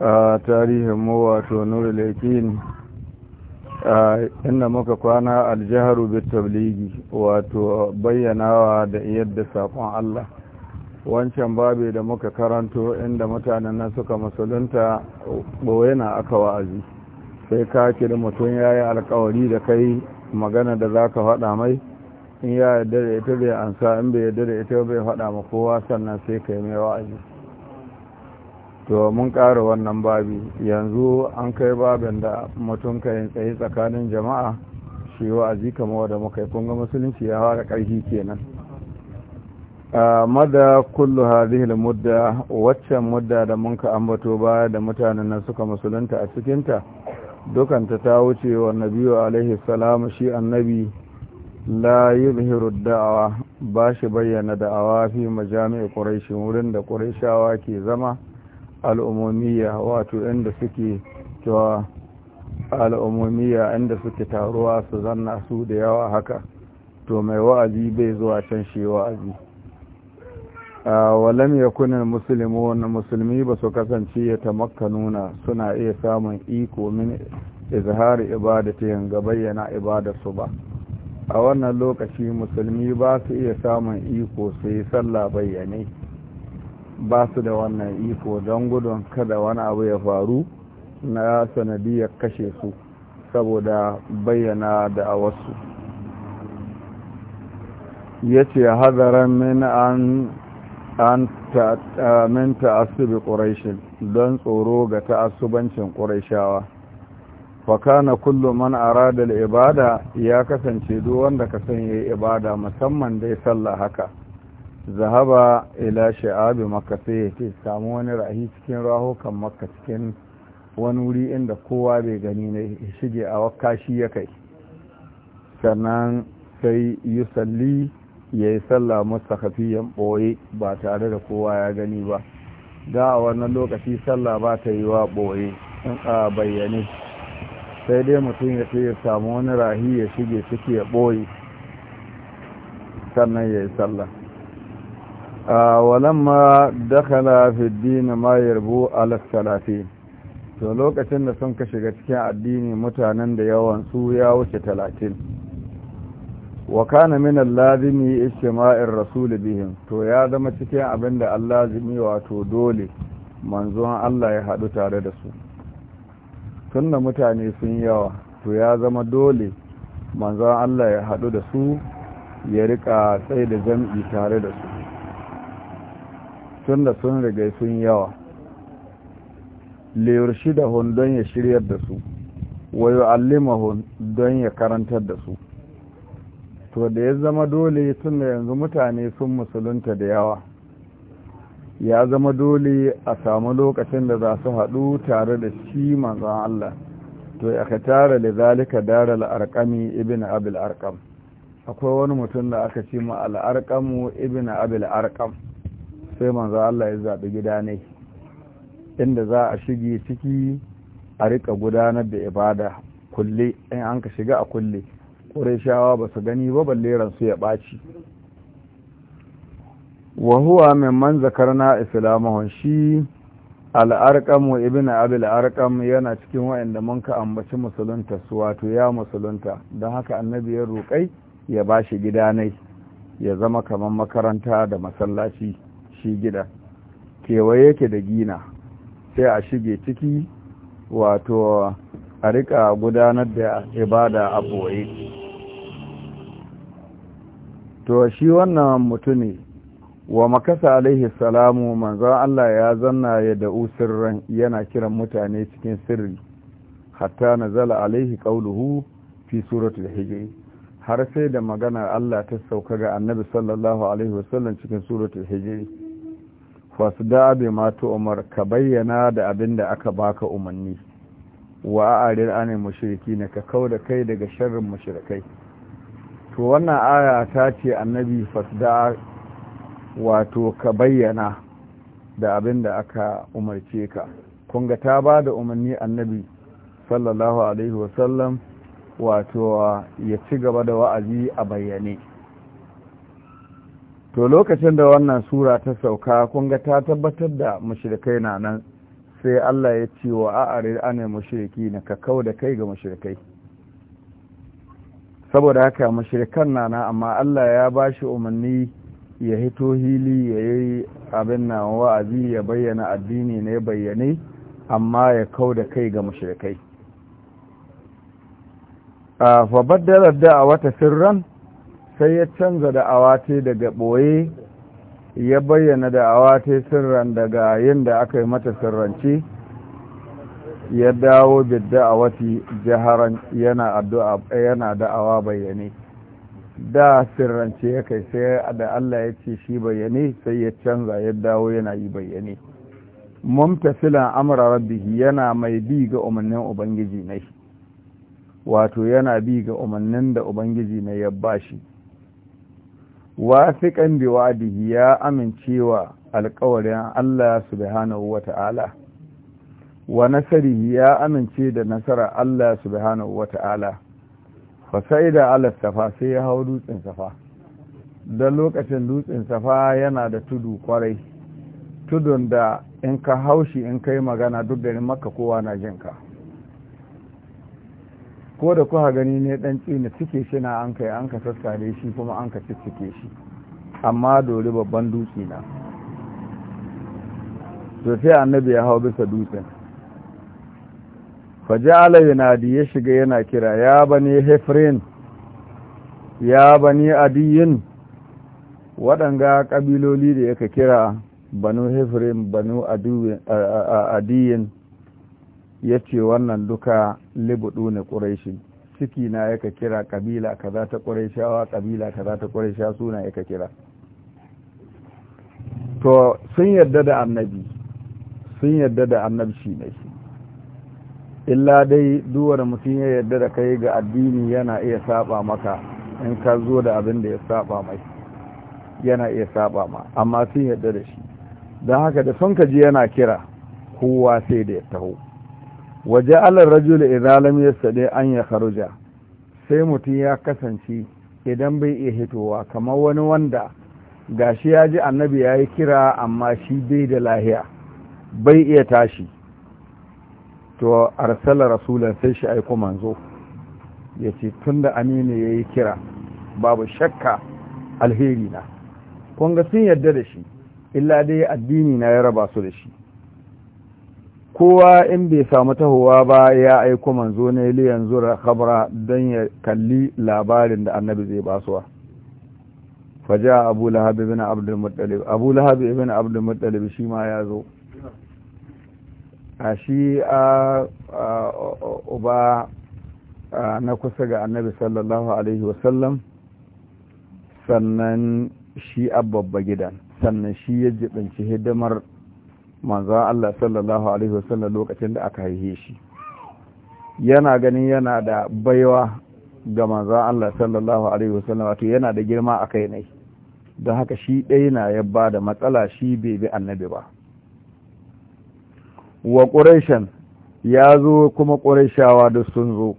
a tarihin mu wato Nuri laifin inda muka kwana aljaharu bit wato bayyanawa da yadda saƙon Allah wancan babe da muka karanto inda mutanen nan suka musulunta ɓoye na aka wa'azi sai ka da mutum ya yi alkawari da kai magana da za ka faɗa mai in ya yi dare ita bai ansa in bai yi ita bai faɗa ma kowa sannan sai ka yi mai wa'azi to mun ƙara wannan babi yanzu an kai babin da mutum ka yin tsaye tsakanin jama'a shi aji kama wadda muka yi kunga musulunci ya fara ƙarfi kenan mada kullu hadhihi mudda waccan mudda da mun ka ambato baya da mutanen nan suka musulunta a cikinta dukanta ta wuce wa nabiyu alaihi salam shi annabi la yuzhiru da'awa ba shi bayyana da'awa fi majami'i quraish wurin da qurayshawa ke zama al'umumiyya wato inda suke cewa inda suke taruwa su zanna su da yawa haka to mai wa'azi bai zuwa can shi wa'azi walam ya kunan musulmi wani musulmi ba su kasance ya nuna, suna iya samun iko min izhari yin ga bayyana ibadarsu ba a wannan lokaci musulmi ba su iya samun iko su yi sallah bayyane ba su da wannan iko don gudun kada wani abu ya faru na sanadiyar kashe su saboda bayyana da a wasu ya ce hazaran min an min ta'assubi ƙuraishin don tsoro ga ƙurashawa. ƙuraishawa fakana kullum man arada ibada ya kasance duk wanda ka san yayi ibada musamman dai sallah haka zahaba ila sha'abi makka sai ya ce samu wani rahi cikin kan makka cikin wani wuri inda kowa bai gani ne shige a wakashi yakai ya kai sannan sai yi salli ya yi sallah mustakafiyan ɓoye ba tare da kowa ya gani ba da a wannan lokaci sallah ba ta yi wa ɓoye in a bayyane sai dai mutum ya ce ya samu wani rahi ya shige ciki ya ɓoye sannan ya yi sallah walamma dakhala fi dini ma yarbu ala to lokacin da sun ka shiga cikin addini mutanen da yawan su ya wuce talatin wa kana min allazimi ishtima'ir rasul bihim to ya zama cikin abin da allazimi wato dole manzon Allah ya haɗu tare da su tunda mutane sun yawa to ya zama dole manzon Allah ya haɗu da su ya rika tsaye da jam'i tare da su tun da sun riga sun yawa liyar da hun don ya shiryar da su wayo hun don ya karantar da su to da ya zama dole tun da yanzu mutane sun musulunta da yawa ya zama dole a samu lokacin da za su haɗu tare da shi manzan Allah to ya ka tara da zalika dara al'arƙami ibn abil arƙam akwai wani mutum da aka ce ma al'arƙamu ibn abil arƙam sai manzo Allah ya zaɓi gida ne inda za a shige ciki a rika gudanar da ibada kulle in an ka shiga a kulle ƙurashawa ba su gani ba balle ransu ya ɓaci Wahuwa huwa man zakarna islamahun shi al'arƙamu ibn abil arƙam yana cikin wa'inda mun ka ambaci musulunta su wato ya musulunta don haka annabi ya roƙai ya ba shi gidanai ya zama kamar makaranta da masallaci shi gida kewaye yake da gina sai a shige ciki wato a rika gudanar da ibada a boye to shi wannan mutune wa makasa alaihi salamu manzon Allah ya zanna ya da usirran yana kiran mutane cikin sirri hatta nazala alaihi qauluhu fi suratul hijr har sai da magana Allah ta sauka ga annabi sallallahu alaihi wasallam cikin suratul hijr fasu da mata mato umar ka bayyana da abin da aka baka umarni wa arir anil mushriki na ka kau da kai daga sharrin mushrikai to wannan aya ta ce annabi fasda wato ka bayyana da abin da aka umarce ka kunga ta ba da umarni annabi sallallahu alaihi wasallam wato ya ci gaba da wa'azi a bayyane to lokacin da wannan sura ta sauka kun ga ta tabbatar da mashirikai na nan sai Allah ya ce wa a'arid mashiriki na ka da kai ga mashirikai. saboda haka mashirikan nan, amma Allah ya ba shi umarni ya hito hili ya yi abin na wa'azi ya bayyana addini ne bayyane amma ya kau da kai ga mashirikai a ah, fabaddalar da a wata sirran sai ya canza da awate daga ɓoye ya bayyana da awate sirran daga yadda aka yi mata sirrance ya dawo bidda a wati yana addu'a yana da'awa bayyane da sirrance ya kai sai da Allah ya ce shi bayyane sai ya canza ya dawo yana yi bayyane mumtasilan amra rabbihi yana mai bi ga umarnin ubangiji ne wato yana bi ga umarnin da ubangiji na ya bashi wafiƙan biwadihi ya amincewa alƙawarin Allah subhanahu wa ta'ala wa nasarihi ya amince da nasara Allah subhanahu wa ta'ala sai da alastafa sai ya hau dutsen safa don lokacin dutsen safa yana da tudu kwarai tudun da in ka haushi in kai magana duk da ni maka kowa na jinka ko da kuka gani ne dan tsini cike shi na an kai an ka sassare shi kuma an ka ciccike shi amma dori babban dutse na to sai annabi ya hau bisa dutsen ala yanadi ya shiga yana kira ya bani hefrin ya bani adiyin waɗanga kabiloli da yaka kira banu hefrin banu eh, eh, adiyin ya ce wannan duka libudu ne ƙuraishi ciki na yaka kira ƙabila ka za ta ƙuraishawa ƙabila ka za ta ƙuraisha suna yaka kira to sun yarda da annabi sun yarda da annabi shi ne shi illa dai duwar mutum ya yarda da kai ga addini yana iya saba maka in ka zo da abin da ya saba mai yana iya saba ma amma sun yarda da shi don haka da sun ka ji yana kira kowa sai da ya taho waje alar rajula idan lam yastadi an ya kharuja sai mutum ya kasance idan bai iya hitowa kamar wani wanda gashi ya ji annabi ya yi kira amma shi bai da lahiya bai iya tashi to arsala rasulan sai shi aiko manzo ya ce tun da aminu ya yi kira babu shakka alheri na kun ga sun yadda da shi illa dai addini na ya raba su da shi kowa in bai samu tahowa ba ya aiko manzo ne liyan zura khabara don ya kalli labarin da annabi zai basuwa faja abu lahab ibn abdul muttalib abu lahab ibn abdul muttalib shi ma ya zo a shi a uba na kusa ga annabi sallallahu alaihi wasallam sannan shi abba gidan sannan shi ya jibinci hidimar manzan Allah sallallahu alaihi wasallam lokacin da aka haihe shi yana ganin yana da baiwa ga manzan Allah sallallahu alaihi wasallam wato yana da girma a kai ne don haka shi ɗaya na ya ba da matsala shi bai bi annabi ba wa ƙureshen ya zo kuma ƙureshawa da sun zo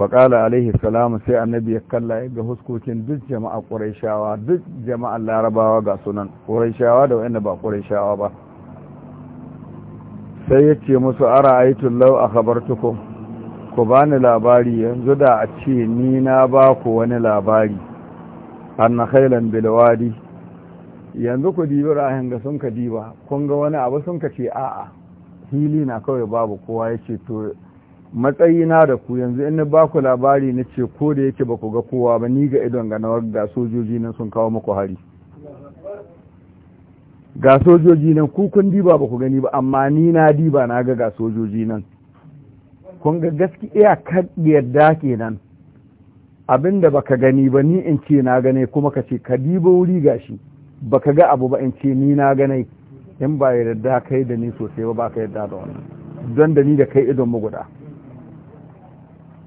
faƙala alaihi salamu sai annabi ya kalla ga huskokin duk jama'a ƙuraishawa duk jama'a larabawa ga sunan ƙuraishawa da wa'anda ba ƙuraishawa ba sai ya ce musu ara aitun lau a kabartukum ku ba ni labari yanzu da a ce ni na ba ku wani labari an na khailan bilwadi yanzu ku dibi rahin ga sun ka diba kun wani abu sun ka ce a'a hili na kawai babu kowa ya ce to matsayina da ku yanzu in ba ku labari na ce ko da yake ba ku ga kowa ba ni ga idon ga nawar ga sojoji nan sun kawo muku hari ga sojoji nan ku kun diba ba ku gani ba amma ni na diba na ga ga sojoji nan kun ga gaskiya kan yarda kenan abinda ka gani ba ni in ce na gane kuma ka ce ka diba wuri ba ka ga abu ba in ce ni na gane in ba yarda kai da ni sosai ba ba ka yarda da wannan don da ni da kai idon maguda guda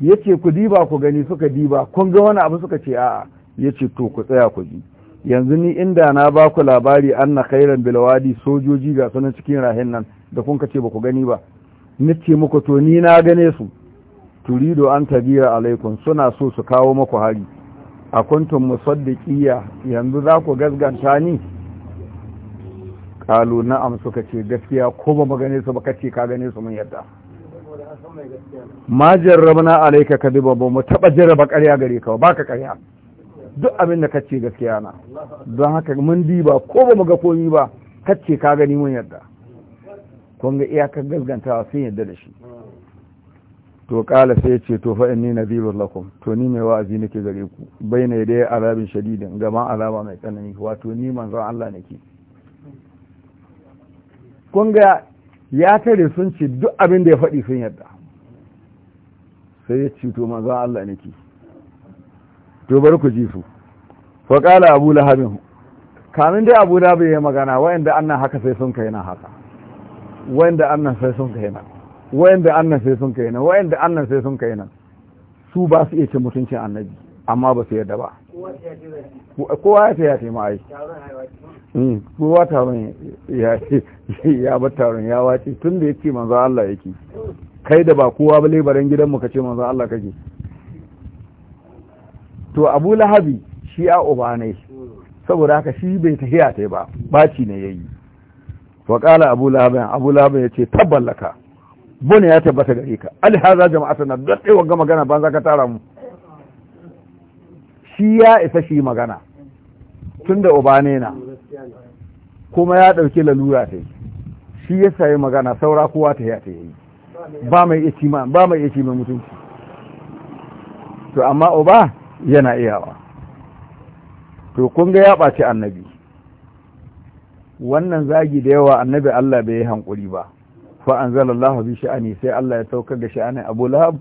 ya ce ku diba ku gani suka diba kun ga wani abu suka ce a'a ya ce to ku tsaya ku ji yanzu ni inda na ba ku labari an na khairan bilawadi sojoji ga sunan cikin rahin nan da kun ka ce ba ku gani ba ni ce muku to ni na gane su turido an tabira alaikum suna so su kawo maku hari a kuntum musaddiqiya yanzu za ku gasganta ni kalu na'am suka ce gaskiya ko ba gane su ba kace ka gane su mun yadda ma jarrabna alayka kadiba ba mu taba jarraba ƙarya gare ka ba ka ƙarya duk abin da kace gaskiya na don haka mun diba ko ba mu ga komi ba kace ka gani mun yadda. kun ga iyakar gaskantawa sun yarda da shi to kala sai ce to fa inni nadhirul lakum to ni mai wa'azi nake gare ku baina yadai azabin shadidin gama alama mai tsanani wato ni zan Allah nake kun ga ya tare sun ce duk abin da ya faɗi sun yarda sai ya ci to za Allah ki to bari ku ji su fa kala abu lahabin kamin dai abu da ya yi magana wayanda annan haka sai sun kai na haka wayanda annan sai sun kai na wayanda annan sai sun kai na wayanda annan sai sun kai na su ba su iya ce mutuncin annabi amma ba su yarda ba kowa ya ce ya ce ma'ai hmm, kowa taron ya bar taron ya wace tun da ya ce manzan Allah yake kai da ba kowa ba labarin gidanmu ka ce manzan Allah kake to abu lahabi shi a uba ne saboda haka shi bai tahiya ta ba baci ne ya yi wa ƙala abu lahabin abu lahabin ya ce tabbalaka bune ya tabbata gare ka alhaza jama'a na don ɗaya wa gama gana ban za ka tara mu shi ya isa shi magana tun da uba ne na kuma ya ɗauki lalura ta yi shi ya sayi magana saura kowa ta ya ta yi ba mai iya mai mutunci to amma uba yana iyawa to kun ga ya ɓaci annabi wannan zagi da yawa annabi Allah bai yi hankuri ba fa anzalallahu bi sha'ani sai Allah ya saukar da sha'anin Abu Lahab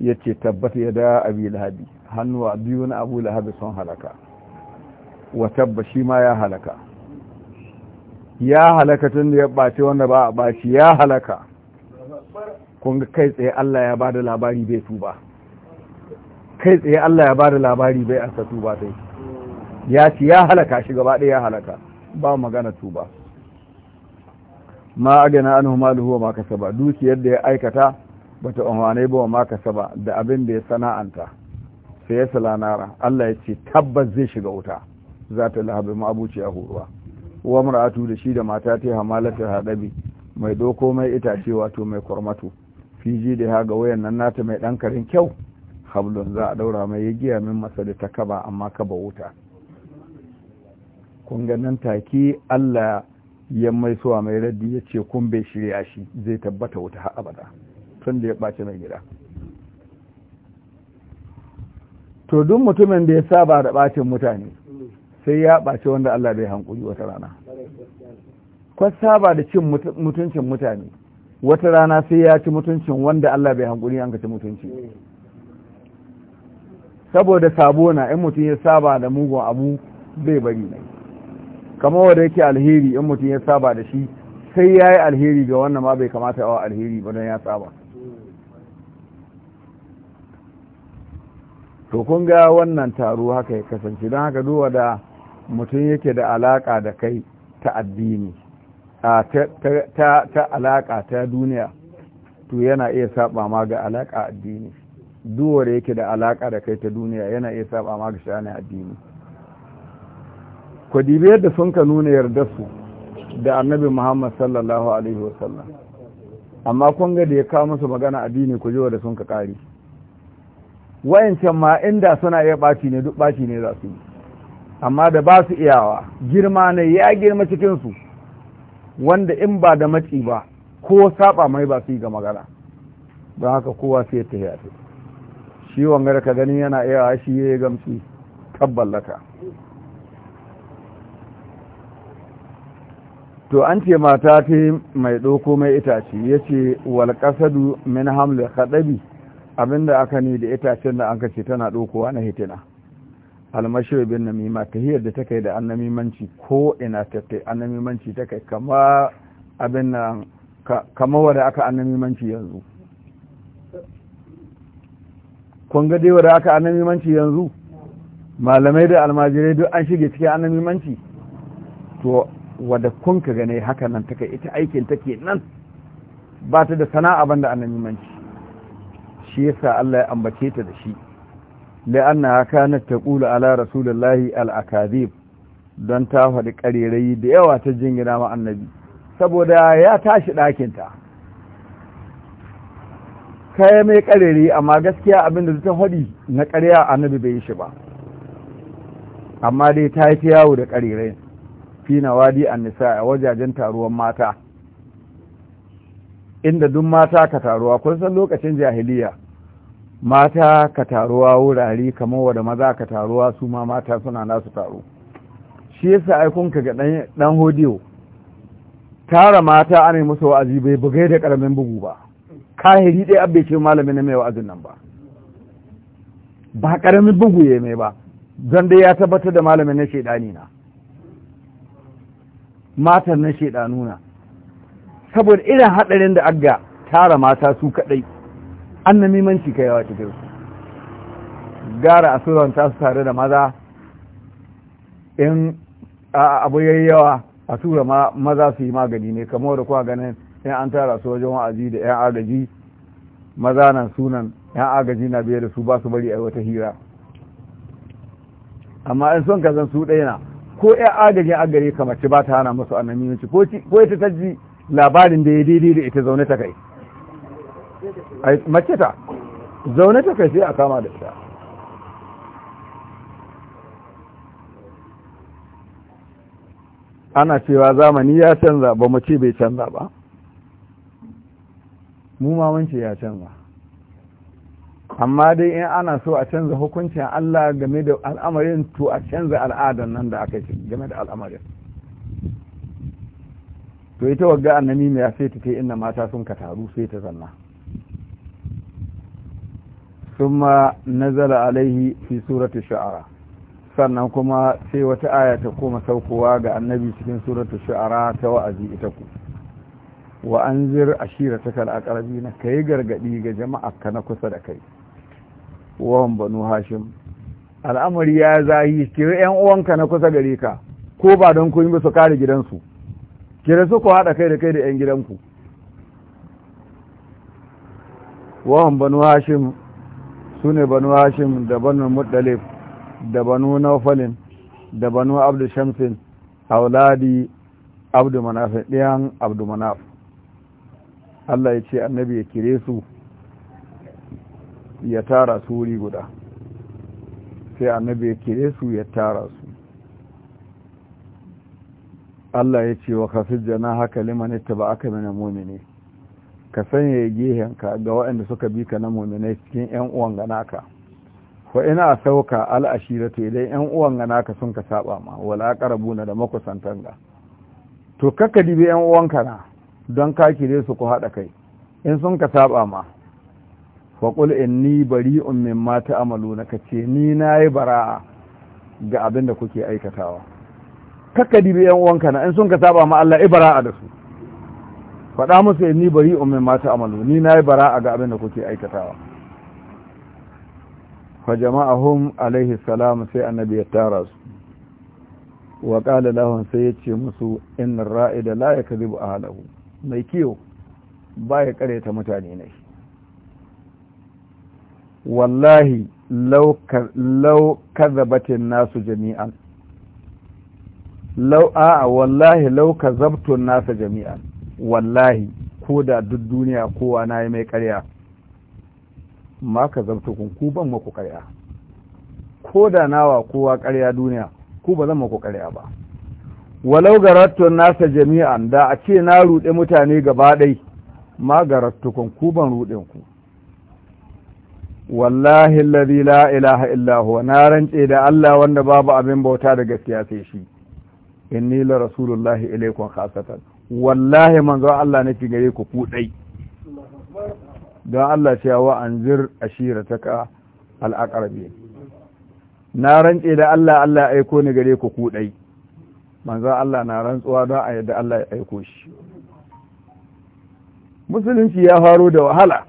yace tabbata ya da Abi Lahabi hannuwa biyu na abu lahabi sun halaka watabba shi ma ya halaka ya halaka tun da ya ɓace wanda ba a ɓaci ya halaka kun kai tsaye Allah ya ba da labari bai tuba kai tsaye Allah ya ba da labari bai satu ba sai ya ci ya halaka shi gaba ɗaya ya halaka ba magana tuba ma agana anhu maluhu ma ba dukiyar da ya aikata bata unwane ba ma ba da abin da ya sana'anta sai ya sala nara Allah ya ce tabbas zai shiga wuta za ta lahabi ma'abuci a horuwa uwa muratu da shi da mata ta hamalatar Hadabi, mai doko mai itace wato mai kwarmatu fiji da ha ga wayan nan nata mai ɗan karin kyau Hablun za a daura mai ya min masa da ta kaba amma kaba wuta kun nan take Allah ya mai suwa mai raddi ya ce kun bai shirya shi zai tabbata wuta har abada tun da ya ɓaci mai gida to duk mutumin da ya saba da bacin mutane sai ya ɓaci wanda Allah bai hankuli wata rana kwas saba da cin mutuncin mutane wata rana sai ya ci mutuncin wanda Allah bai hankuli an ka ci mutunci saboda sabo na in mutum ya saba da mugun abu bai bari ne kamar wanda yake alheri in mutum ya saba da shi sai ya yi alheri ga wannan ma bai kamata yawa alheri ba don ya saba to kun ga wannan taro haka ya kasance don haka duwa da mutum yake da alaka da kai ta addini ta alaka ta duniya to yana iya saba ma ga alaka addini duwa da yake da alaka da kai ta duniya yana iya saba ma ga shani addini ku dibi yadda sun ka nuna yarda su da annabi muhammad sallallahu alaihi wasallam amma kun ga da ya kawo musu magana addini ku ji da sun ka ƙari wayancan ma inda suna iya ɓaci ne duk ɓaci ne za su yi amma da ba su iyawa girma ne ya girma cikinsu wanda in ba da matsi ba ko saba mai ba su yi ga magana don haka kowa sai ta yi shi wanga da ka gani yana iya shi ya gamsi tabbalata. to an ce mata ta mai ɗoko mai itace ya ce walƙasadu min hamlin haɗabi abinda aka ni da itacen da an kace tana dokowa na hitina almashir bin namima tahiyar da take da annamimanci ko ina ta kai annamimanci ta kai kama abin nan kama wanda aka annamimanci yanzu kun ga dai wanda aka annamimanci yanzu malamai da almajirai duk an shige cikin annamimanci to wadda kun ka gane haka nan take ita aikin take nan ba ta da sana'a banda annamimanci shi yasa Allah ya ambace ta da shi la'anna kanat taqulu ala rasulillahi al akadhib don ta faɗi karerai da yawa ta jingina ma annabi saboda ya tashi ta kaya mai ƙarerayi amma gaskiya abin da ta faɗi na ƙarya annabi bai yi shi ba amma dai ta yi ta yawo da ƙarerayin fina wadi annisa a wajajen taruwan mata inda duk mata ka taruwa kun san lokacin jahiliya mata ka taruwa wurare kamar wadda maza ka taruwa su ma mata suna nasu taro shi yasa aikun ka ga dan hodiyo tara mata ana musu wa'azi bai bugai da karamin bugu ba kahiri dai abbe ce malami na mai wa'azin nan ba ba karamin bugu ya mai ba zan dai ya tabbatar da malamin na shaida na matar na nuna. saboda irin hadarin da aga tara mata su kadai mimanci kai yawa cikin su gara a ta su tare da maza in abu yayi yawa a tura maza su yi magani ne kamar da kuwa ganin yan an tara su wajen wa'azi da yan agaji maza nan sunan yan agaji na biyar da su ba su bari a wata hira amma in son ka zan su ɗaya na ko yan agajin agare kamar ci ba ta hana musu annamimanci ko ita ta ji labarin da ya daidai da ita zaune ta kai Makita, zaune ta kai sai a kama da ita ana cewa zamani ya canza ba mace ce bai canza ba mu mamance ya canza amma dai in ana so a canza hukuncin Allah game da al'amarin to a canza al'adan nan da aka ce game da al'amarin to ita wagga annami ne ya sai ta kai inna mata sun ka taru sai ta zanna thumma nazala alaihi fi surati shu'ara sannan kuma sai wata aya ta koma saukowa ga annabi cikin suratu shu'ara ta wa'azi ita ku wa an anzir ashirataka alaqrabina kai gargadi ga jama'a ka na kusa da kai wawan banu hashim al'amari ya zahi kira yan uwanka na kusa gare ka ko ba don kun ba su kare gidansu kira su ku haɗa kai da kai da yan gidanku wawan banu hashim su ne banu hashim da banu muttalib da banu naufalin da banu abdu shamsin auladi abdu manaf ɗiyan abdu manaf allah ya ce annabi ya kire su ya tara su wuri guda sai annabi ya kire su ya tara su allah ya ce wa kafin jana haka liman ita ba aka mina mumini ka sanya gehenka ga waɗanda suka bi ka na muminai cikin 'yan uwan ganaka fa ina sauka ta idan 'yan uwan ganaka sun ka saba ma wala na da makusantan ga to kakka dibe 'yan uwanka na don ka kire su ku haɗa kai in sun ka saba ma fa qul inni bari'un na, ka kace ni nayi bara'a ga abin da kuke aikatawa kakka dibe 'yan uwanka na in sun ka saba ma Allah ibara'a da su faɗa musu ni bari umin mata amalu ni na yi bara ga abin da kuke aikatawa fa hum alaihi salam sai annabi ya tara su wa ƙala lahum sai ya ce musu inna ra'ida la ya a halahu. mai kiyo ba ya ta mutane ne wallahi lau kazabatin nasu jami'an lau a wallahi lau kazabtun nasu jami'an wallahi ko da duk duniya kowa na yi mai karya ma ka zabta kun ku ban maku karya ko da nawa kowa karya duniya ku ba zan maku karya ba walau garattun nasa jami'an da a ce na ruɗe mutane gaba ɗai ma garattukun ku ban ruɗin ku wallahi alladhi la ilaha illa huwa na rance da Allah wanda babu abin bauta da gaskiya sai shi inni la rasulullahi ilaykum khasatan wallahi manzo Allah nake gare ku ku dai don Allah cewa wa anzir ashirataka al aqrabi na rantse da Allah Allah ya aiko ni gare ku ku dai manzo Allah na rantsuwa don a yadda Allah ya aiko shi musulunci ya faro da wahala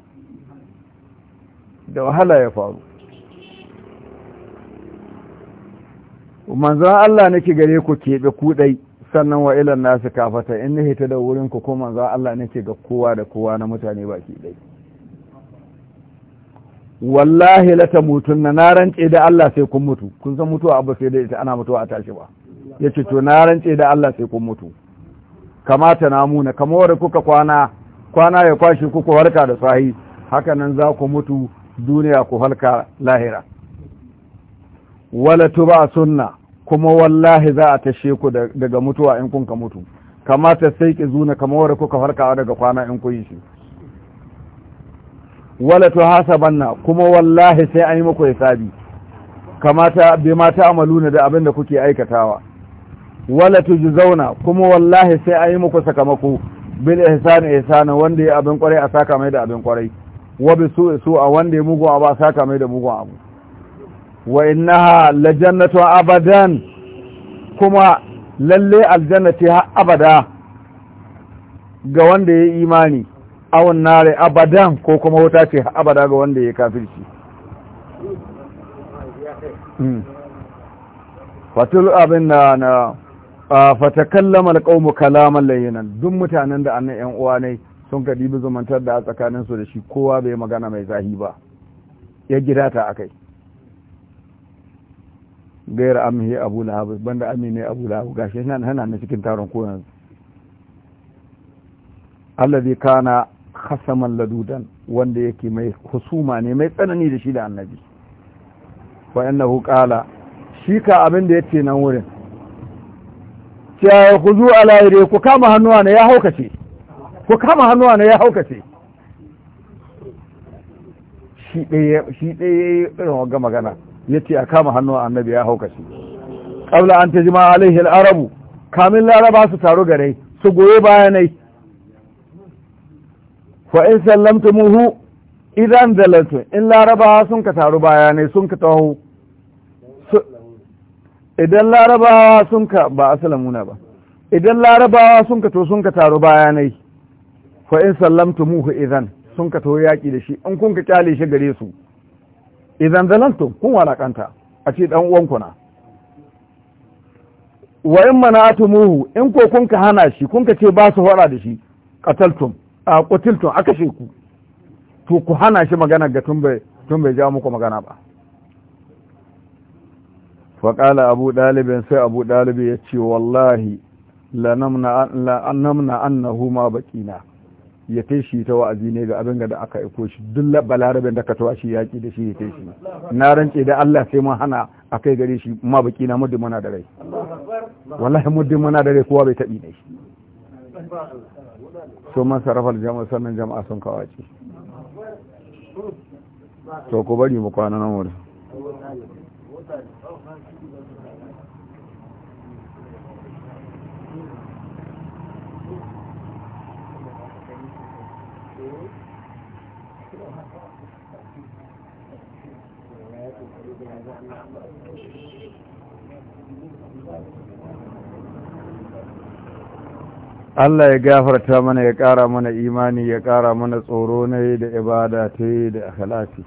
da wahala ya faru Manzo Allah nake gare ku keɓe kuɗai sannan wa ilan nasu kafata in ni hita da wurin ku kuma manzo Allah nake ga kowa da kowa na mutane baki dai wallahi la mutun na rance da Allah sai kun mutu kun san mutuwa abba sai da ita ana mutuwa a tashi ba yace to na rance da Allah sai kun mutu kamata na muna kamar wanda kuka kwana kwana ya kwashi kuku harka da sahi haka nan za ku mutu duniya ku halka lahira wala tuba sunna kuma wallahi za a tashe ku daga mutuwa in kun ka mutu kamata sai ki zuna kamar kuka farkawa daga kwana in kun yi shi wala to hasabanna kuma wallahi sai an yi muku hisabi kamata bai mata ne da abin da kuke aikatawa wala zauna, kuma wallahi sai an yi muku sakamako bil ihsani ihsana wanda ya abin kwarai a saka mai da abin kwarai wa bi su'a wanda ya mugu a ba saka mai da mugun abu wa innaha jannatu abadan kuma lalle aljannati ha abada ga wanda ya imani awon nare abadan ko kuma wuta ce abada ga wanda ya kafirci hmm. fatul abin na na fatakallama alqawmu kalaman layinan, duk mutanen da annan yan uwa ne sun ka bi zumantar da tsakaninsu da shi kowa bai magana mai zahi ba ya gidata a kai. gaira amhi abu lahabu banda amine abu lahabu gashi nan hana na cikin taron ko yanzu allazi kana khasaman ladudan wanda yake mai husuma ne mai tsanani da shi da annabi wa annahu qala shi ka abin da yace nan wurin ya ku ala yare ku kama hannuwa ne ya haukace ku kama hannuwa ne ya haukace shi ɗaya shi ɗaya irin wanga magana yace a kama hannun annabi ya hauka shi qabla an tajma alaihi al arabu kamin laraba su taru gare su goye bayanai fa in sallamtumuhu idan zalatun in laraba sun ka taru bayanai sun ka taho idan larabawa sun ka ba asalamuna ba idan larabawa sun ka to sun ka taru bayanai fa in sallamtumuhu idan sun ka to yaki da shi in kun ka kyale shi gare su idan zalantum kun walakanta a ce dan uwanku na wa in muhu, in ko kun ka hana shi kun ka ce ba su fara da shi qataltum a qutiltum aka she ku to ku hana shi magana ga tun bai tun bai ja muku magana ba fa qala abu dalibin sai abu dalibi ya ce wallahi la namna la annamna annahu ma baqina ya kai shi ta wa'azi ne ga abin da aka aiko shi duk balaraben da ka tawa shi yaƙi da shi ya kai shi na rance da Allah sai mun hana a kai gare shi ma baki na muddin muna da rai wallahi muddin muna da rai kowa bai taɓi ne shi so man sarrafa jama'a sannan jama'a sun kawace to ku bari mu kwana nan wurin Allah ya gafarta mana ya ƙara mana imani ya ƙara mana tsoro na da ibada ta yi da akhlaki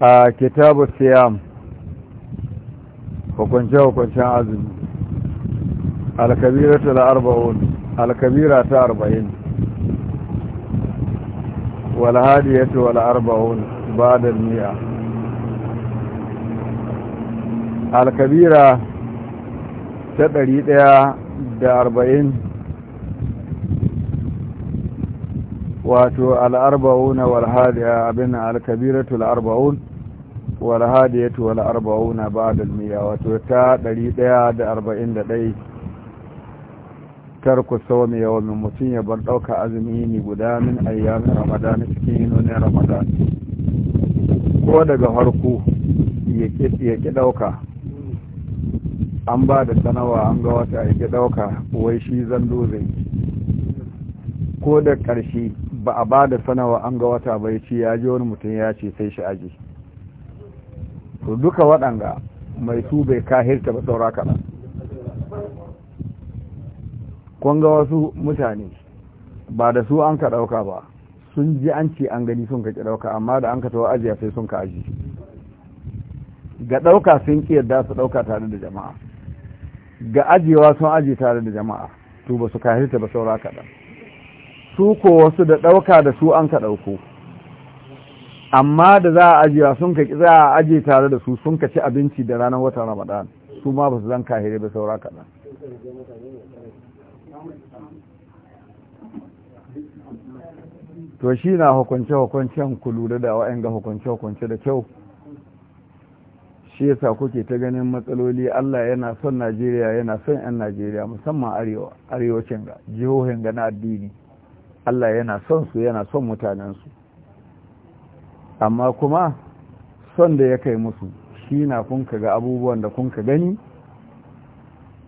a kitabu siyam hukunce-hukuncen azumi على كبيرة الأربعون على كبيرة أربعين هادية والهادية أربعون بعد المئة على كبيرة تدريد الأربعين واتو الأربعون هادية أبن على كبيرة الأربعون والهادية أربعون بعد المئة واتو تدريد الأربعين لديه tarku sawmi yawmin mutum ya bar dauka azumi ne guda min ayyamin ramadan cikin yinonin ramadan ko daga farko ya ƙi ɗauka. an ba da sanawa an ga wata ya ƙi ɗauka, wai shi zan zai ko da ƙarshe ba a ba da sanawa an ga wata bai ci ya ji wani mutum ya ce sai shi aji to duka waɗanga mai su bai kahirta ba saura kaɗan kun ga wasu mutane ba da su an ka ɗauka ba sun ji an ce an gani sun ka ƙi ɗauka amma da an ka tawa ajiya sai sun ka aji ga ɗauka sun ƙi yadda su ɗauka tare da jama'a ga ajiyewa sun aji tare da jama'a to ba su kahirta ba saura kaɗan su ko wasu da ɗauka da su an ka ɗauko amma da za a ajiyewa sun ka za a ajiye tare da su sun ka ci abinci da ranar watan ramadan su ma ba su zan kahire ba saura kaɗan to shi na hukunce-hukuncen ku lura da wa'in ga hukunce-hukunce da kyau shi yasa kuke ta ganin matsaloli Allah yana son Najeriya yana son 'yan Najeriya musamman arewacin ga jihohin ga na addini Allah yana son su yana son mutanensu amma kuma son da ya kai musu shi na kun ga abubuwan da kun gani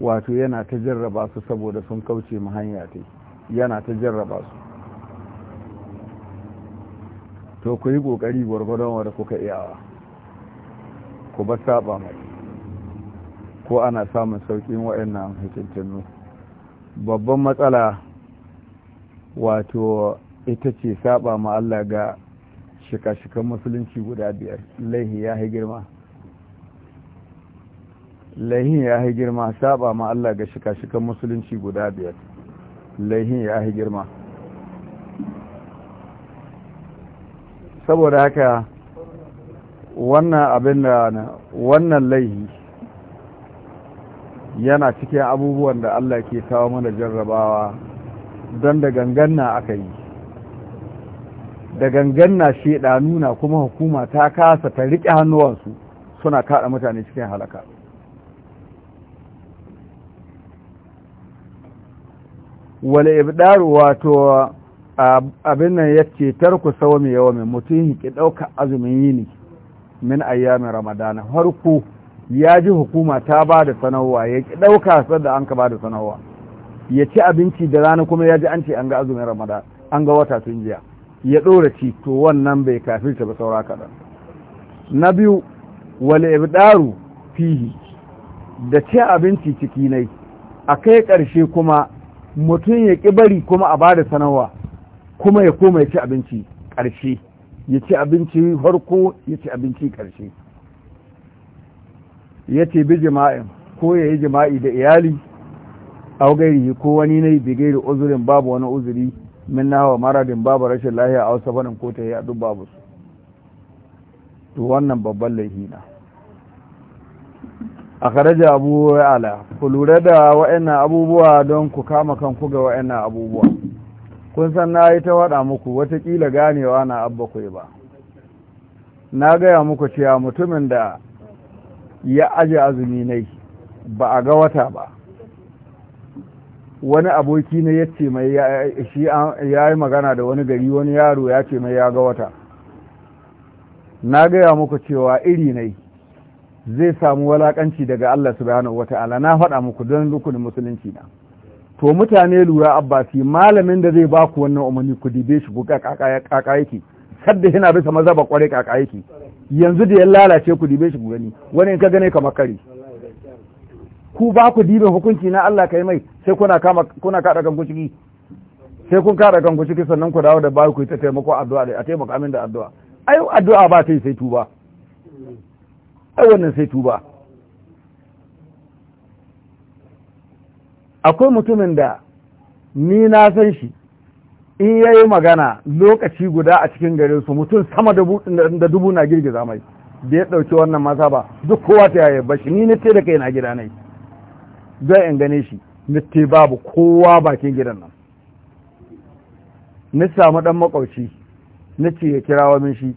wato yana ta jarraba su saboda sun kauce mu hanya ta yana ta jarraba su to ku yi ƙoƙari gwargwadon wadda kuka iyawa ku ba saba mai ko ana samun sauƙin waɗannan hikintinnu babban matsala wato ita ce saba ma Allah ga shika-shikan musulunci guda biyar laihi ya yi girma laihin ya yi girma saba ma Allah ga shika-shikan musulunci guda biyar laihin ya yi girma saboda haka wannan abin da wannan laihi yana cikin abubuwan da Allah ke kawo mana jarrabawa don da ganganna aka yi da ganganna shedanu nuna kuma hukuma ta kasa ta riƙe hannuwansu suna kaɗa mutane cikin halaka wale ibdaru wato abin nan ya ce tarku yawa mai mutum ki ɗauka azumin yi ne min ayyamin ramadana farko ya ji hukuma ta ba da sanarwa ya ki ɗauka da an ka ba da sanarwa ya ci abinci da rana kuma ya ji an ce an ga azumin Ramadana, an ga wata tun jiya ya ɗora ci to wannan bai ta ba saura kaɗan na biyu wal ibdaru fihi da ci abinci ciki nai a kai ƙarshe kuma mutum ya ƙi bari kuma a ba da sanarwa kuma ya koma ya ci abinci ƙarshe ya ci abinci farko ya ci abinci ƙarshe ya ce bi jima'in ko ya yi jima'i da iyali a gairi ko wani yi bi gairi uzurin babu wani uzuri min nawa maradin babu rashin lahiya a wasu fanin ko ta yi a duk babu su to wannan babban laifi na a karaja abubuwa ala ku lura da wa'annan abubuwa don ku kama kanku ga wa'annan abubuwa kun san na yi ta waɗa muku watakila ganewa na abba kwai ba na gaya muku cewa mutumin da ya aji azumi nai ba a ga wata ba wani aboki ne ya ce mai ya yi magana da wani gari wani yaro ya ce mai ya ga wata na gaya muku cewa iri nai zai samu walakanci daga Allah subhanahu wata'ala na faɗa muku don rukunin musulunci na to mutane lura abbasi malamin da zai ba ku wannan umarni ku dibe shi ku kaka yake sadda yana bisa maza ba kware kaka yake yanzu da ya lalace ku dibe shi ku gani wani in ka gane kamar kare ku ba ku dibe hukunci na Allah kai mai sai kuna kama kuna kada kan ciki sai kun kada kan ciki sannan ku dawo da ba ku ta taimako addu'a da a taimaka min da addu'a ai addu'a ba ta yi sai tuba ai wannan sai tuba akwai mutumin da ni na san shi in ya yi magana lokaci guda a cikin garin su mutum sama da dubu na girgiza mai da ya ɗauki wannan masa ba duk kowa ta yaya ba shi ni na ce da kai na gida nai don in gane shi na ce babu kowa bakin gidan nan na samu ɗan makwauci na ce ya kira min shi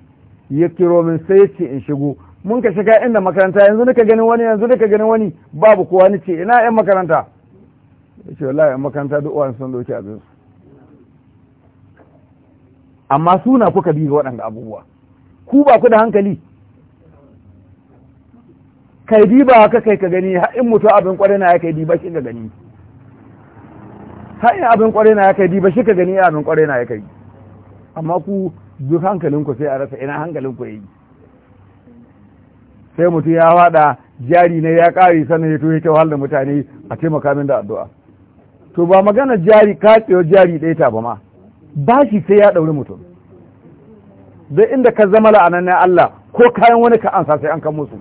ya kiro min sai ya ce in shigo mun ka shiga inda makaranta yanzu nika ganin wani yanzu nika ganin wani babu kowa ni ce ina yan makaranta ya ce wallahi makanta duk uwan sun doki abin su amma suna kuka bi ga waɗanda abubuwa ku ba ku da hankali kai ba ka kai ka gani in mutu abin kwarai na ya kai ba shi ka gani har in abin kwarai na ya kai ba shi ka gani ya abin kwarai na ya kai amma ku duk ku sai a rasa ina hankalin ya yi sai mutum ya faɗa jari ne ya ƙare sannan ya tuhe ta wahalar mutane a taimaka min da addu'a to ba magana jari katsewar jari ɗaya ta ba ma bashi sai ya ɗauri mutum don inda ka zama la'anan na Allah ko kayan wani ka ansa sai an kan musu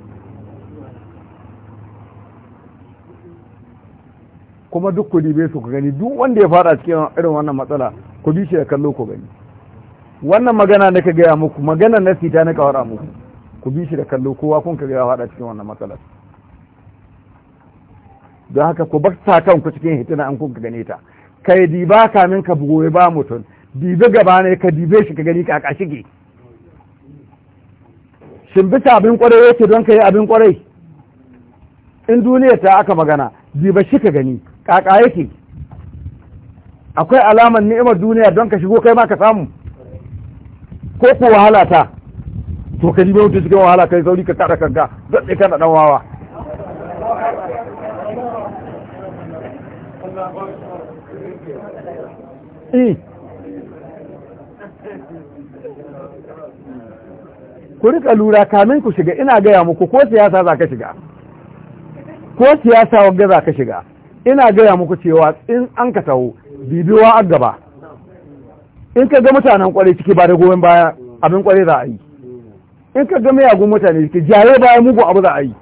kuma duk ku dibe su ku gani duk wanda ya fada cikin irin wannan matsala ku bi shi da kallo ku gani wannan magana na ka gaya muku magana na sita na ka muku ku bi shi da kallo kowa kun ka gaya fada cikin wannan matsalar don haka ku bar sa kanku cikin hitina an kun gane ta kai diba kamin ka goyi ba mutum dibi gaba ne ka dibe shi ka gani ka shige shin bisa abin kwarai yake don ka yi abin kwarai in duniya ta aka magana diba shi ka gani kaka yake akwai alamar ni'imar duniya don ka shigo kai ma ka samu ko ku wahala ta to ka dibe mutum cikin wahala kai sauri ka kada kanka zaɗe kana ɗan wawa ku rika lura kamin ku shiga ina gaya muku ko siyasa za ka shiga ko siyasa wanga za ka shiga ina gaya muku cewa in an ka taho bibiwa a gaba in ka ga mutanen kwarai ciki ba da goyon baya abin kwarai za a yi in ka ga mayagun mutane ciki jaye baya mugu abu za a yi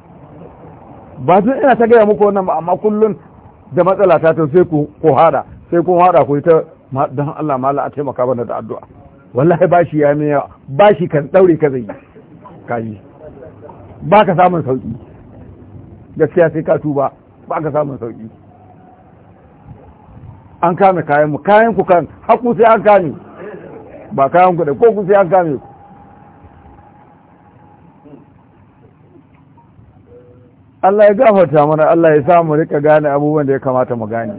ba tun ina ta gaya muku wannan ba amma kullum da matsala ta ta sai ku ku hada sai kun hada ku ta don Allah mala a taimaka bana da addu'a wallahi bashi ya mai bashi kan daure ka zai kayi ba ka samun sauki gaskiya sai ka tuba ba ka samun sauki an kame kayan mu kayan ku kan haku sai an kame ba kayan ku da ko ku sai an kame ku Allah ya gafarta mana Allah ya samu rika gane abubuwan da ya kamata mu gane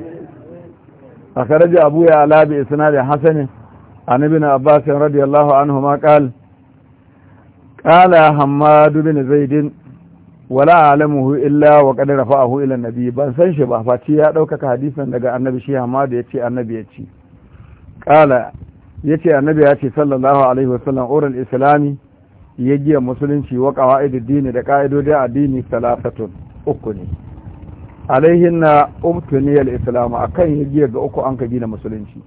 a karaji abu ya alabi isnadin hasanin an ibn abbas radiyallahu anhu ma qal qala hammad bin zaid wala alamuhu illa wa qad rafa'ahu ila nabi ban san shi ba Fati ya ɗaukaka hadisin daga annabi shi hammad yace annabi yace qala yace annabi yace sallallahu alaihi wasallam ural islami ya giya musulunci wa qawaidid dini da ƙa'idodin addini salasatun uku ne alaihin na umtuniyar islamu a kan ga uku an ka gina musulunci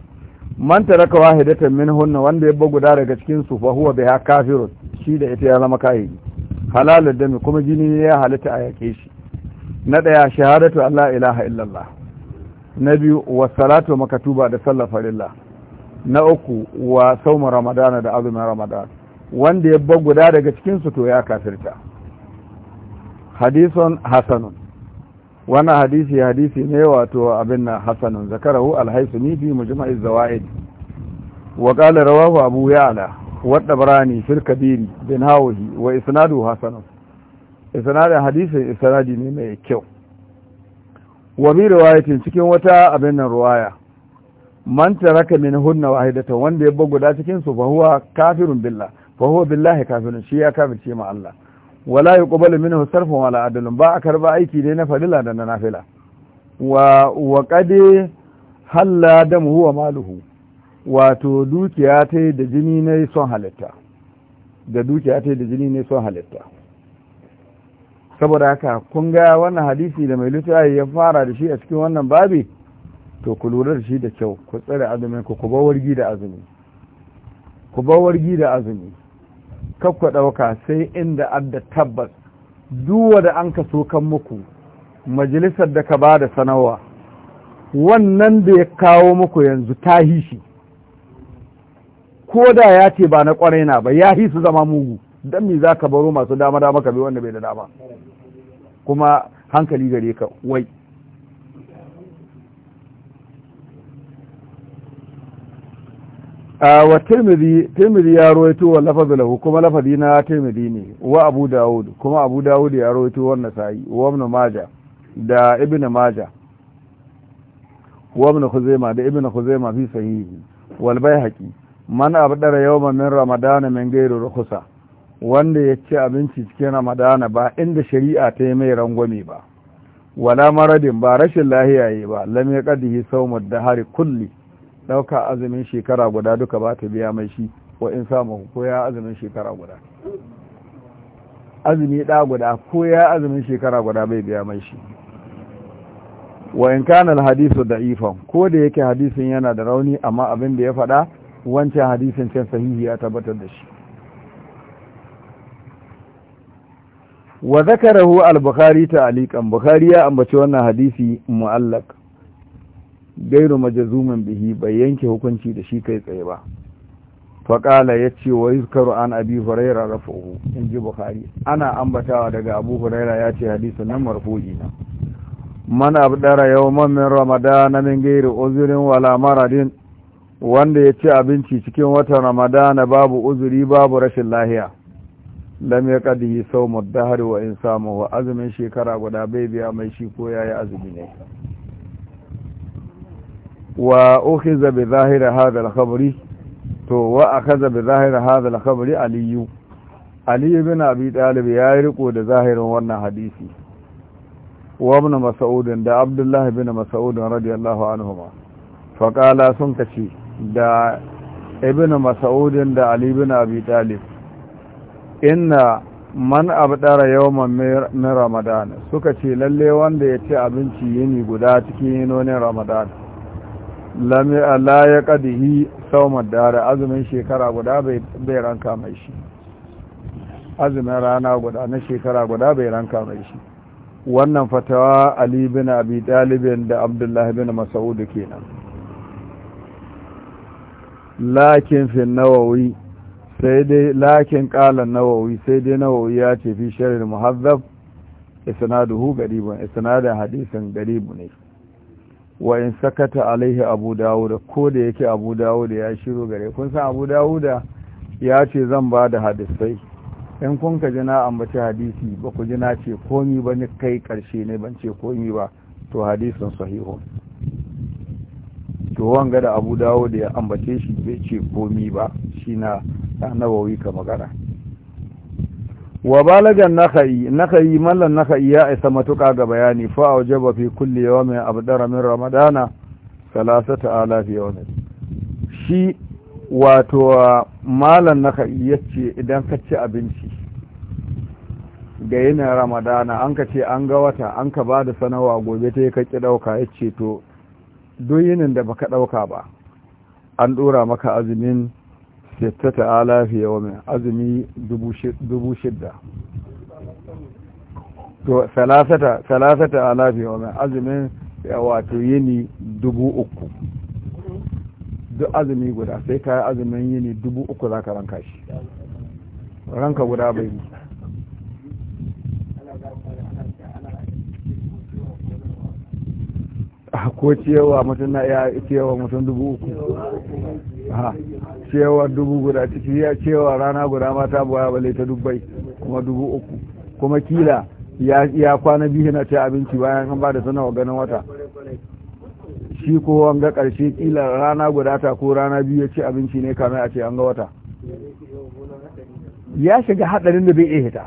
man taraka wahidatan min hunna wanda ya guda daga cikin su fa huwa biha kafirun shi da ita ya zama kahiri halalul dami kuma jini ne ya halitta a yake shi na daya shahadatu allah ilaha illallah na biyu wa salatu makatuba da sallah farilla na uku wa sauma ramadana da azumin ramadana wanda ya bar guda daga cikinsu to ya kafirta hadisun hasanun wannan hadisi hadisi ne wato abin na hasanun zakarahu alhaisuni fi mujma'iz zawaid wa qala rawahu abu ya'la wa tabrani fil kabiri bin hawi wa isnadu hasanun isnadu hadisin isnadi ne mai kyau wa bi riwayatin cikin wata abin nan riwaya man taraka min hunna wahidatan wanda ya bar guda cikin su fa huwa kafirun billah wa huwa billahi kafirun shi ya kafirce ma Allah wala yuqbalu minhu sarfun wala adlun ba a karba aiki dai na fadila da na nafila wa wa qad halla damu huwa maluhu wato dukiya ta da jini ne son halitta da dukiya ta da jini ne son halitta saboda haka kun ga wannan hadisi da mai littafi ya fara da shi a cikin wannan babi to ku lura da shi da kyau ku tsare azumin ku ku bar wargi da azumi ku bar azumi kakwa ɗauka sai inda adda tabbas duwa da an ka kan muku majalisar da ka ba da sanarwa wannan da ya kawo muku yanzu ta hishi ko da ya ce ba na ƙwarai na ba ya hisu zama mugu don me za ka baro masu dama dama ka bi wanda bai da dama kuma hankali gare ka wai wa tirmidhi tirmidhi ya rawaito wa lafazu lahu kuma lafazi na tirmidhi ne wa abu daud kuma abu daud ya rawaito wa nasa'i wa ibn majah da ibn majah wa ibn khuzaimah da ibn khuzaimah fi sahihi wal baihaqi man abdara yawma min ramadana min ghairi rukhsa wanda ya ci abinci cikin ramadana ba inda shari'a ta yi mai rangwame ba wala maradin ba rashin lahiya yayi ba lam yaqdihi sawmud dahari kulli ɗauka azumin shekara guda duka ba ta biya mai shi ko in samu ko ya azumin shekara guda azumi ɗa guda ko ya azumin shekara guda bai biya mai shi wa in kana hadisu da ifon ko da yake hadisin yana da rauni amma abin da ya faɗa wancan hadisin can sahihi ya tabbatar da shi wa zakarahu al-bukhari ta'liqan bukhari ya ambaci wannan hadisi mu'allaq gairu majazumin bihi bai yanke hukunci da shi kai tsaye ba faƙala ya ce wa yuzkaru an abi huraira rafa'uhu in ji bukhari ana ambatawa daga abu huraira ya ce hadisu nan marfu'i na man abdara yawman min ramadana min gairi uzurin wala maradin wanda ya ci abinci cikin watan ramadana babu uzuri babu rashin lahiya lam ya kadihi sau mudahari wa in samu wa azumin shekara guda bai biya mai shi ko yayi azumi ne wa ukhiza bi zahiri hadha al-khabri to wa akaza bi zahiri hadha al-khabri aliyu ali ibn abi talib ya riko da zahirin wannan hadisi wa ibn mas'ud da abdullah ibn mas'ud radiyallahu anhuma fa qala sun kace da ibn mas'ud da ali ibn abi talib inna man abdara yawman min ramadan suka ce lalle wanda ya ci abinci yini guda cikin yinonin ramadan la ya kadihi saumar dare azumin shekara guda bai ranka mai shi azumin rana guda na shekara guda bai ranka mai shi wannan fatawa ali bin abi dalibin da abdullahi bin masaudu kenan lakin fi nawawi sai dai lakin kalan nawawi sai dai nawawi ya ce fi shirin muhazzab isnaduhu garibun isnadin hadisin garibu ne wa in sakata alaihi abu dawuda ko da yake abu dawuda ya shiru gare kun san abu dawuda ya ce zan ba da hadisai in kun ka ji na ambaci hadisi ba ku ji ce komi ba ni kai karshe ne ban ce komi ba to hadisin sahihu to wanga da abu dawuda ya ambace shi bai ce komi ba shi na nawawi ka magana wa balagan nakhai nakhai mallan nakhai ya isa matuka ga bayani fa aujaba fi kulli yawmin abdara min ramadana salasata alaf yawmin shi wato mallan nakhai yace idan ka ci abinci ga yana ramadana an ka ce an ga wata an ka ba da sanawa gobe ta ka ki ɗauka yace to duk yinin da baka ɗauka ba an ɗora maka azumin sittata alafi wa mai azumi dubu shidda to salasata alafi yau mai azumin wato yini dubu uku duk azumi guda sai ka yi azumin yini dubu uku za ka ranka shi ranka guda bai yi ko cewa mutum na iya cewa mutum dubu uku ha cewa dubu guda ciki ya ciyawa rana guda mata buwa bale ta dubbai kuma dubu uku kuma kila ya kwana biyu na ta abinci bayan an ba da sanawa ganin wata shi ko wanga karshe kila rana guda ta ko rana biyu ya ci abinci ne kamar a ce an ga wata ya shiga hadarin da bai iya hita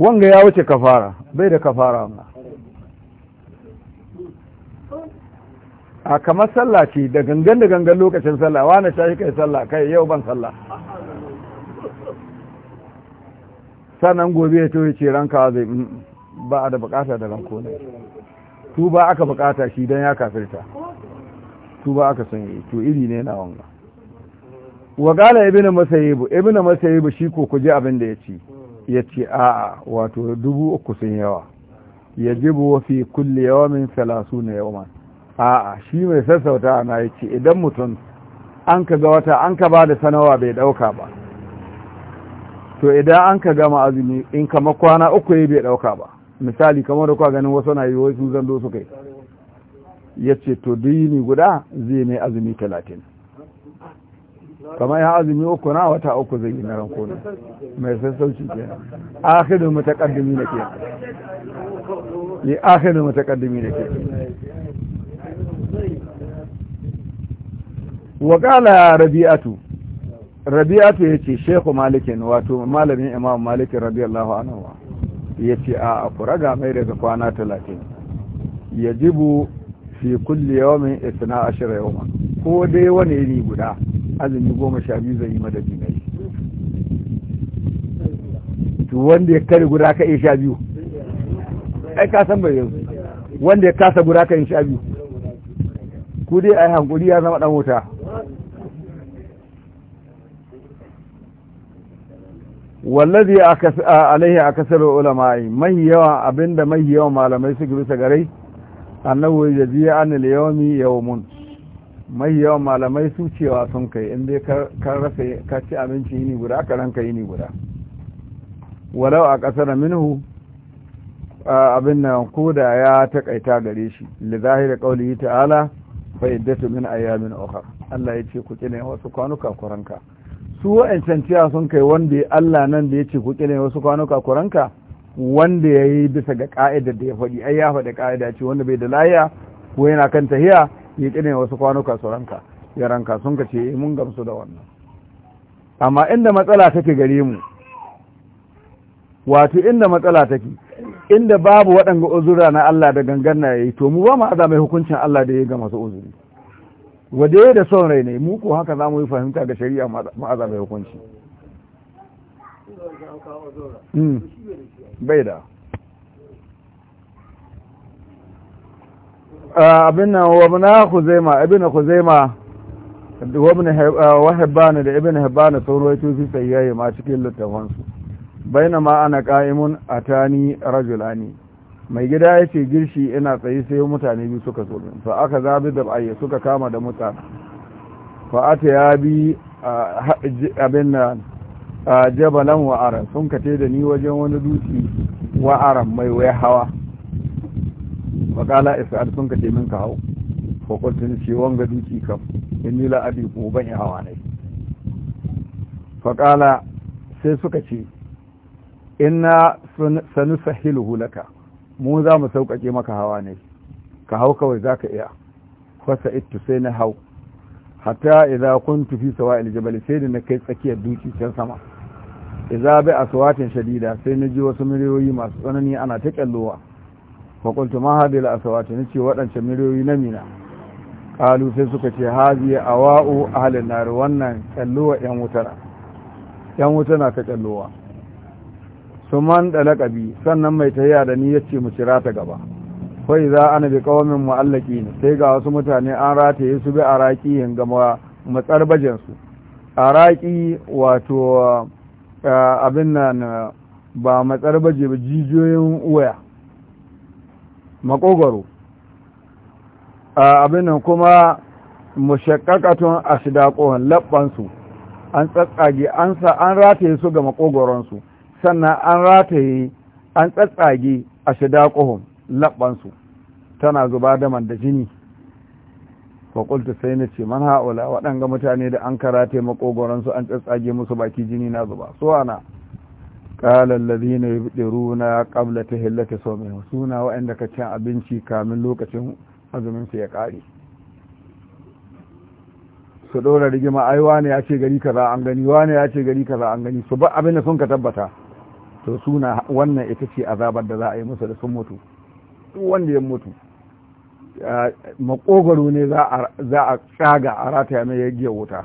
wanga ya wuce kafara bai da kafara ma a kamar sallah ce da gangan da gangan lokacin sallah wani tashi kai sallah kai yau ban sallah sannan gobe ya to ce ranka zai mm, ba a da bukata da ranko ne ba aka bukata shi don ya kafirta ba aka sanya yi to iri ne na wanga wa gala ibn masayib ibn masayib shi ko kuje abin da ya ci ya ce a'a wato dubu uku sun yawa ya jibu wafi kulle min salasu na yawan a'a shi mai sassauta na ya ce idan mutum an ka ga wata an ka ba da sanawa bai ɗauka ba to idan an ka gama azumi in kama kwana uku ya bai ɗauka ba misali kamar da kwa ganin wasu na yi wasu zando su kai ya ce to duyi ni guda zai mai azumi talatin kamar ya azumi uku na wata uku zai yi na ranko ne mai sassauci ke akhirin mutakaddimi da ke yi akhirin mutakaddimi da ke Wakala Rabi'atu, rabi'atu ya ce shehu malikin wato malamin imam malik radiyallahu ya ce a ku ga mai daga kwana talatin, ya jibu fi kulle yawon yawmin ashirai yawma ko dai wani yini guda azumi goma sha biyu zai yi madadi na yi to wanda ya kare guda ka iya sha biyu ai ka san bai yanzu wanda ya kasa guda ka iya sha biyu ku dai ai hankuri ya zama dan wuta wallazi alaihi akasar ulama mai yawa abinda mai yawa malamai su bisa garai annahu yajiya an al-yawmi yawmun mai yawan malamai su cewa sun kai in dai kan rasa ka ci abinci yini guda ka ranka yini guda walau a ƙasar minhu abin nan da ya takaita gare shi li zahiri qaulihi ta'ala fa iddatu min ayamin ukhra Allah ya ce ku kine wasu kwanuka kuranka su wa'ancan cewa sun kai wanda Allah nan da ya ce ku kine wasu kwanuka kuranka wanda ya yi bisa ga ka'idar da ya faɗi ai ya faɗi ka'ida ce wanda bai da layya ko yana kan tahiya ya kine wasu kwanuka su ranka ya ranka sun ka ce eh, mun gamsu da wannan amma inda matsala take gare mu wato inda matsala take inda babu waɗanga uzura na Allah da gangan na yi to mu ba mu azama hukuncin Allah da ya ga masu uzuri wade da son rai ne mu ko haka za mu yi fahimta ga shari'a mu azama hukunci hmm. bai da abin nan wa na kuzaima ibn kuzaima wa wahban da ibn hibbana sun rawaito fi sayyaye ma cikin baina bainama ana qa'imun atani rajulani mai gida ya ce girshi ina tsaye sai mutane biyu suka zo min fa aka zabi da ayi suka kama da muta fa ata ya bi abin nan jabalan wa'ara sun kace da ni wajen wani dutse wa'ara mai waya hawa faƙala isra'il sun kace min ka hau fakultun ce wanga duki kam in nila abi ko ban yi hawa ne faƙala sai suka ce inna sanu sahiluhu laka mu za mu sauƙaƙe maka hawa ne ka hau kawai za ka iya fasa ittu sai na hau hatta idza kun tufi sawa jabal sai da na kai tsakiyar duki can sama idza bai aswatin shadida sai na ji wasu miliyoyi masu tsanani ana ta kallowa faƙultu ma hadil asawati ce waɗancan miliyoyi na mina ƙalu sai suka ce hazi a wa'u halin nari wannan kyalluwa yan wutana yan wutana ta kyalluwa su man da bi sannan mai tahiya da ni yace mu cira ta gaba kai za ana bi kawamin mu'allaki ne sai ga wasu mutane an rataye su bi araki gama matsarbajin su araki wato eh, abin nan ba baje ba jijiyoyin waya makogaro abin nan kuma mushakkakatun asdaqun labban an tsatsage an sa an rataye su ga makogoron sannan an rataye an tsatsage asdaqun labban tana zuba da man da jini fakultu sai na ce man ha'ula waɗanga mutane da an karate makogoransu an tsatsage musu baki jini na zuba so ana قال الذين يبدرون قبل تهلة صومهم سونا ka كان abinci kamin lokacin azuminsu ya kare su ɗora rigima ai wane ya ce gari kaza an gani wane ya ce gari kaza an gani su ba abin da sun ka tabbata to suna wannan ita ce azabar da za a yi musu da sun mutu duk wanda ya mutu makogaro ne za a tsaga a rataya mai ya wuta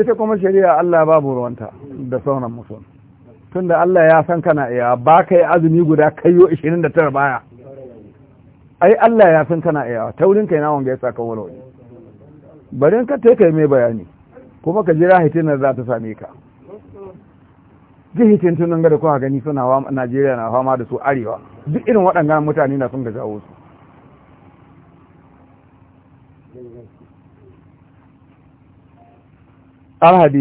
ita kuma shari'a Allah babu ruwanta da sauran mutum tunda Allah ya san kana iya ba ka yi azumi guda kayo 29 baya ai Allah ya san kana iya taurin kai nawa ga ya ka wani wani barin ka ta kai mai bayani kuma ka jira hitinar za ta same ka ji hitin tunan ga da kuka gani suna Najeriya na fama da su arewa duk irin waɗannan mutane na sun ga jawo su al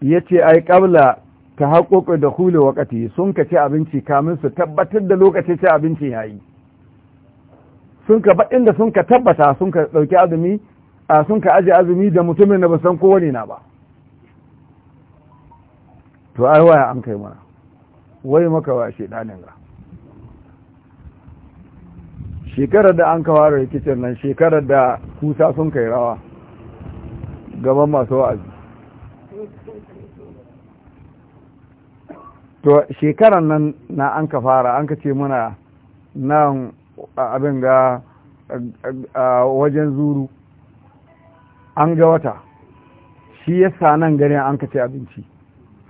ya ce ai ƙabla ta haƙoƙo da hulu wakati sun ka ci abinci kamun su tabbatar da lokacin ci abinci ya yi sun ka baɗin da sun ka tabbata sun ka ɗauki azumi a sun ka aje azumi da mutumin da ba san kowane na ba to ai waya an kai mana wai maka wa ɗanin ga shekarar da an kawara rikicin nan shekarar da kusa sun kai rawa gaban masu wa'azi to shekaran nan na an ka fara an ka ce muna nan abin ga wajen zuru an ga wata shi yasa nan gani an ka ce abinci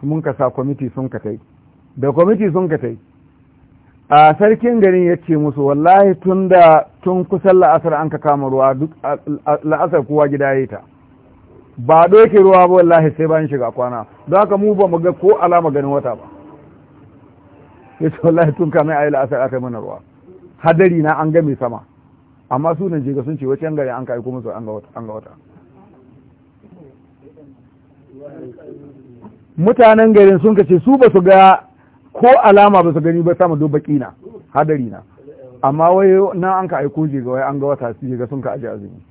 mun ka sa kwamiti sun ka tai da kwamiti sun ka tai a sarkin garin ya ce musu wallahi tun da tun kusan la'asar an ka kama ruwa duk la'asar kowa gida ya ta ba doke ruwa ba wallahi sai bayan shiga kwana don haka mu ba mu ga ko alama ganin wata ba ya ce wallahi tun kamin a yi la'asar aka mana ruwa hadari na an game sama amma su nan jiga sun ce wace gari an kai kuma su an ga wata mutanen garin sun kace su ba su ga ko alama ba su gani ba sama do kina hadari na amma wai na an ka aiko jiga wai an ga wata su jiga sun ka aje azumi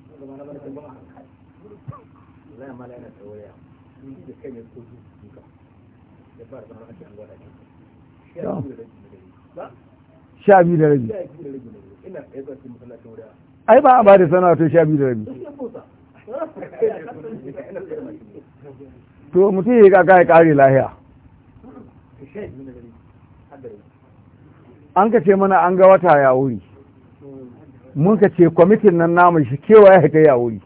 sha biyu da rabi ai ba a ba da sana to sha biyu da rabi to mutum ya kaka ya kare lahiya an ka ce mana an ga wata ya wuri mun ka ce kwamitin nan namun shi kewa ya ta ya wuri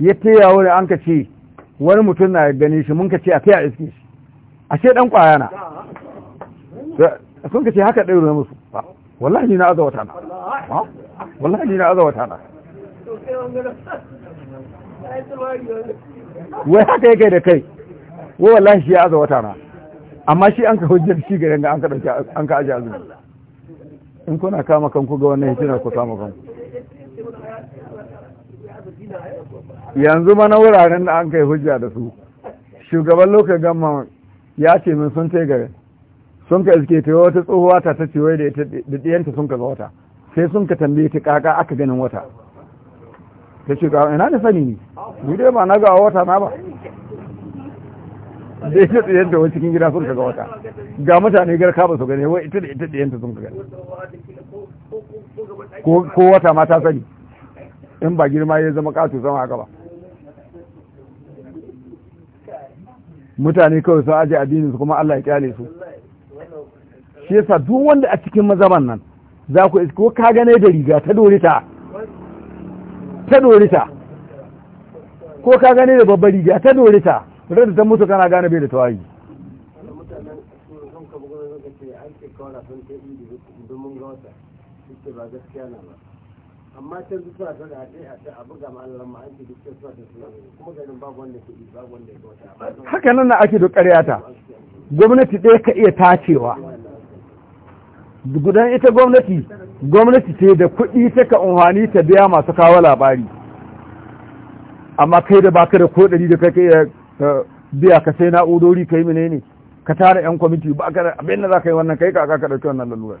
ya ta ya wuri an ka ce wani mutum na gani shi mun ka ce a kai a iske shi ashe dan kwaya na sun ka ce haka ɗaya na musu wallahi na aza wata na wallahi na aza wata na wai haka yake da kai wai wallahi shi ya aza wata na amma shi an ka hujjar shi ga da an ka dauki an ka azumi in kuna kama kanku ga wannan hijira ku kama kanku yanzu mana wuraren da an kai hujja da su shugaban lokacin gamma ya ce min sun tai garin sun ka iske ta wata tsohuwa ta tace wai da ɗiyanta sun ka ga wata sai sun ka tambaye ta kaka aka ganin wata ta ce ga ina ne sani ne ni dai ba na ga wata na ba da ita ɗiyanta wani cikin gida sun ka ga wata ga mutane ka ba su gane wai ita da ita ɗiyanta sun ka gane ko wata ma ta sani in ba girma ya zama ƙato zama haka ba mutane kawai sun aje addinin su kuma Allah ya kyale su shi yasa duk wanda a cikin mazaban nan za ku isko ka gane da riga ta dorita ta dorita ko ka gane da babbar riga ta dorita rar da ta mutu kana gane bai da tawayi haka nan na ake duk ƙarya ta gwamnati ɗaya ka iya tacewa gudan ita gwamnati gwamnati ce da kuɗi ta ka unhani ta biya masu kawo labari amma kai da baka da kodari da kai ya biya ka sai na'udori kai mine ne ka tara yan kwamiti ba ka da abin da za ka yi wannan kai ka ka ɗauki wannan lalurar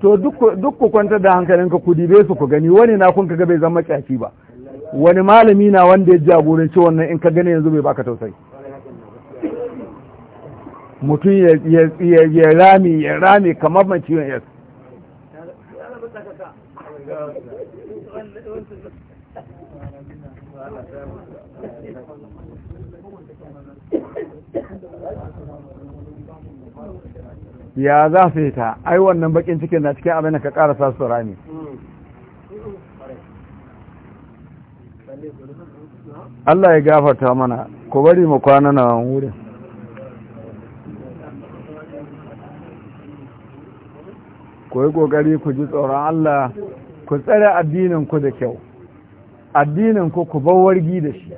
to duk ku kwanta da hankalinka ku dibe su ku gani wani na kun kaga bai zama makyaki ba wani malami na wanda ya jagoranci wannan in ka gani yanzu bai baka tausayi mutum ya rami ya rami kamar ciwon ya za su yi ta ai wannan bakin cikin na cikin abin da ka karasa su rami Allah ya gafarta mana ku bari mu kwana na wurin ku yi ƙoƙari ku ji tsoron Allah ku tsare ku da kyau addinin ku wargi da shi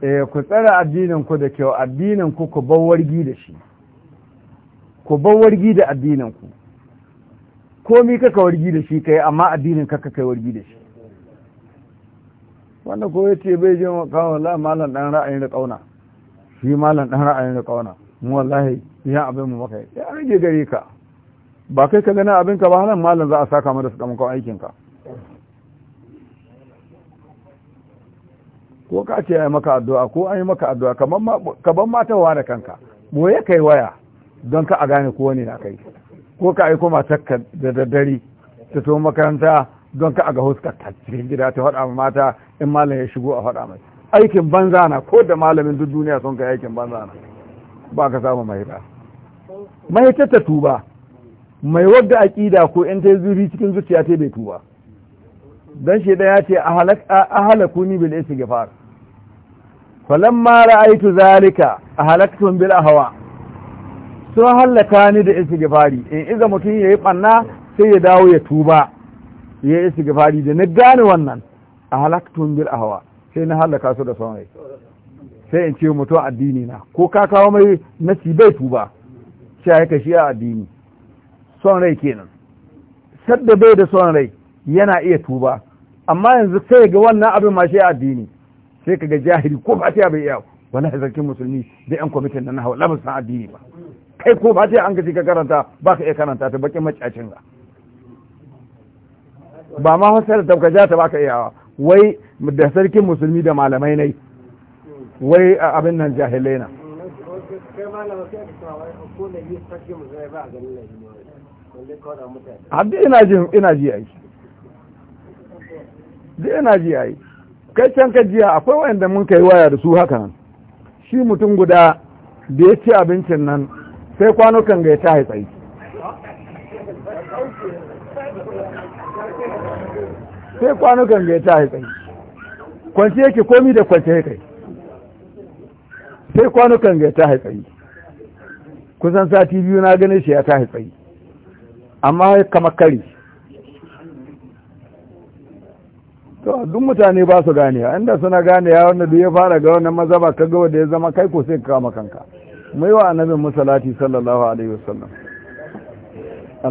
eh ku tsare ku da kyau addinin ku wargi da shi ku ban wargi da addinin ku komi kaka wargi da shi kai amma addinin kaka kai wargi da shi wanda ko yace bai jin kawo wallahi malam dan ra'ayin da kauna shi malam dan ra'ayin da kauna mu wallahi ya abin mu makai. ya rage gare ka ba kai ka gani abin ka ba halan malam za a saka mu da su kamar aikin ka ko ka ce ai maka addu'a ko an yi maka addu'a kaman ma kaman ma ta ware kanka boye kai waya don ka a gane ko wani na kai ko ka aiko matarka da daddare ta to makaranta don ka a ga huskar ta cikin gida ta hada mata in malam ya shigo a faɗa mai aikin banza na ko da malamin duk duniya sun kai aikin banza na ba ka samu ba mai ta tuba mai wadda aƙida ko in ta zuri cikin zuciya ta bai tuba dan shi ya ce ahalakuni bil istighfar falamma ra'aytu zalika ahalaktum bil ahwa sun hallaka ni da gifari in iza mutum ya yi ɓanna sai ya dawo ya tuba ya yi gifari da na gane wannan a halaktun bil a hawa sai na hallaka su da son rai sai in ce mutum addini na ko ka kawo mai nasi bai tuba shi ya kashi a addini son rai kenan sadda bai da son rai yana iya tuba amma yanzu sai ga wannan abin ma shi addini sai ka ga jahili ko ba ta bai iya wani hazarkin musulmi da yan kwamitin na nahawa labar addini ba kai ko ba ta an ka ka karanta ba ka iya karanta ta bakin macacin ga ba ma hausa da tabkaja ta ba ka iyawa wai da sarkin musulmi da malamai nai wai abin nan jahilai na abdi ina ji ina ji ai ina ji ai kai can ka jiya akwai wanda mun kai waya da su haka nan shi mutum guda da ya ci abincin nan sai kwanukan ga ya ta tsaye sai kwanukan ga ya ta tsaye kwanci yake komi da kwanci ya kai sai kwanukan ga ya ta tsaye kusan sati biyu na ganin shi ya ta tsaye amma ya kama kari to duk mutane ba su gane inda suna gane ya wanda duk ya fara ga wannan mazaba ka ga da ya zama kai ko sai ka kama kanka mai wa annabin musalati sallallahu alaihi wasallam